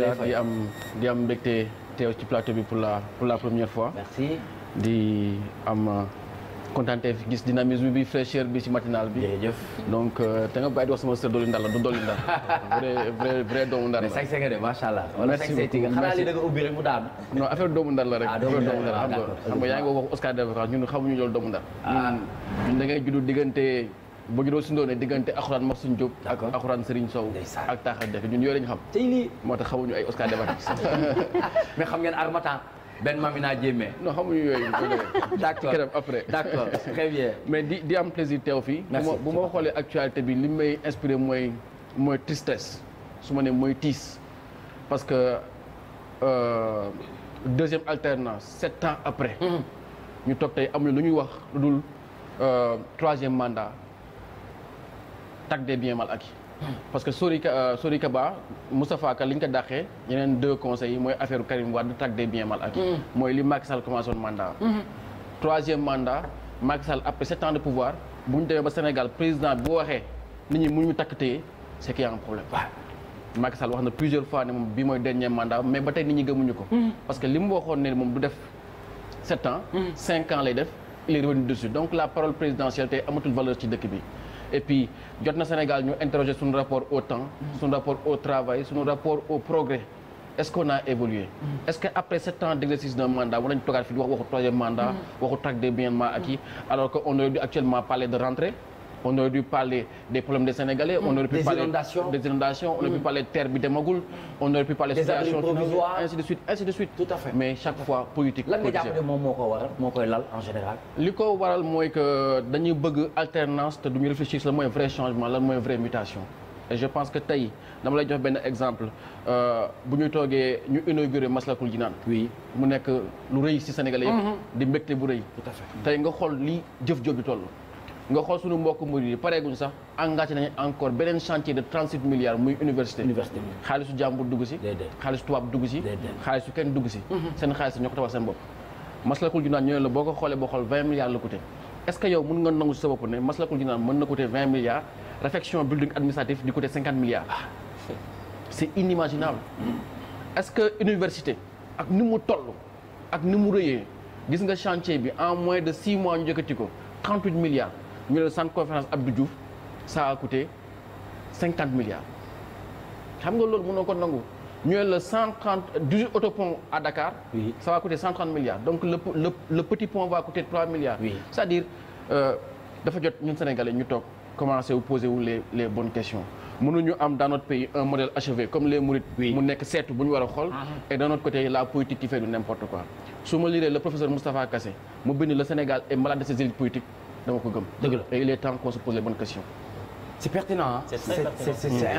di am di am mbégte teew ci plateau bi pour la pour la première fois. merci di am euh, kontaante gis dynamisme bi fraîcheur bi ci matinal bi. jërëjëf donc euh, te nga bàyyi di wax sama sër Doli Ndar la du Doli Ndar. vrai vrai vrai doomu Ndar la. mais sax nga de macha allah. merci beaucoup xanaa li da nga ubbi rek mu daanu. non affaire doomu Ndar la rek. ah doomu Ndar la xam nga xam nga yaa ngi wax Oscar de Vacances ñun xamuñu loolu doomu Ndar. ah ñun da ngay judd diggante. boo gënoo suñu doonee diggante Akuraan Massoum Diop. d' accord ak Akuraan Serigne Sow. ak taaxal defe ñun yooyu lañ xam. tey moo tax xamuñu ay Oscar Debatis. mais xam ngeen Harmattan. benn Mamina Diémé. non xamuñu yooyu. d' accord keroog mais di di am plaisir teew fii. merci bu ma xoolee actualité bi li may inspiré mooy mooy tristesse su ma nee mooy tiis parce que euh, deuxième alternance sept ans après. ñu toog tey amuñu lu ñuy wax lu dul euh, troisième mandat. l'attaque des biens mal acquis parce que Sori Ka euh, Sori Kaba Moustapha Ka li ñu ko dàqee yeneen deux conseils yi mooy affaire Karim Wade attaque des biens mal acquis mm-hmm. mooy li Macky Sall commencé mandat mm-hmm. troisième mandat Macky après sept ans de pouvoir bu ñu demee ba Sénégal président boo waxee nit ñi mënuñu takk téye c'est qu'il y a problème Macky Sall wax na plusieurs fois ne moom bii mooy dernier mandat mais ba tey nit ñi gëmuñu ko mm-hmm. parce que li mu waxoon ne moom et puis jot na Sénégal ñu interroger suñu rapport au temps suñu rapport au travail suñu rapport au progrès est-ce qu'on a évolué mm-hmm. est-ce que après sept ans d'exercice d'un mandat wala ñu toogaat troisième mandat mm-hmm. alors que on actuellement parler de rentrée on aurait dû parler des problèmes des Sénégalais. on aurait pu des parler inondations. des inondations. on aurait pu mm-hmm. parler terre bi demagul. on aurait pu parler. des abris provisoires ainsi de suite ainsi de suite. tout à fait mais chaque fois politique. lan nga jàpp ne moom moo ko waral moo koy lal en général. li ko waral mooy que dañuy bëgg alternance te duñu réfléchir lan mooy vrai changement lan mooy vraie mutation. et je pense que tey dama lay jox benn exemple euh, bu ñu toogee ñu inauguré Maslakul Jinaan oui mu nekk lu rëy ci Sénégalais yëpp. Mm-hmm. di mbégte bu rëy. tout à fait tey nga xool li jëf jooju toll. nga xool suñu mbokk murid yi pareeguñ sax engagé nañu encore beneen chantier de 37 milliards muy université xaalisu jàmbur dugg si xaalisu tubaab dugg si xaalisu kenn dugg si mhm. seen xaalis ñoo ko tabax seen bopp maslakul jinaan ñoo ne la boo ko xoolee boo xool milliards la coûté est ce que yow nga nangu si sa bopp ne maslakul jinaan mën na coûté milliards réfection building administratif di coûté ah. ni mu toll ni mu rëyee gis nga chantier bi en moins de 6 mois ñu jëkkati ko 38 milliards ñu ne centre conférence Abdou Diouf ça a coûté cinquante milliards xam nga loolu mu mënoo ko nangu ñu ne le cent trente dix-huit autopont à Dakar. oui ça va coûter cent trente milliards donc le le le petit pont va coûter trois milliards. oui c'est-à-dire euh, dafa ñu toog commencé wu poser wu les les bonnes questions. mënuñu am dans notre pays un modèle achevé comme les mu nekk seetu bu ñu war a xool. Ah. et de notre côté politique qui fait du n'importe quoi. su ma liree le professeur Moustapha Kassé mu bind le Sénégal est malade de ses dama ko gëm. dëgg il est temps qu'on se pose les bonnes questions. c'est pertinent hein. c'est c'est